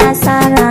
matasa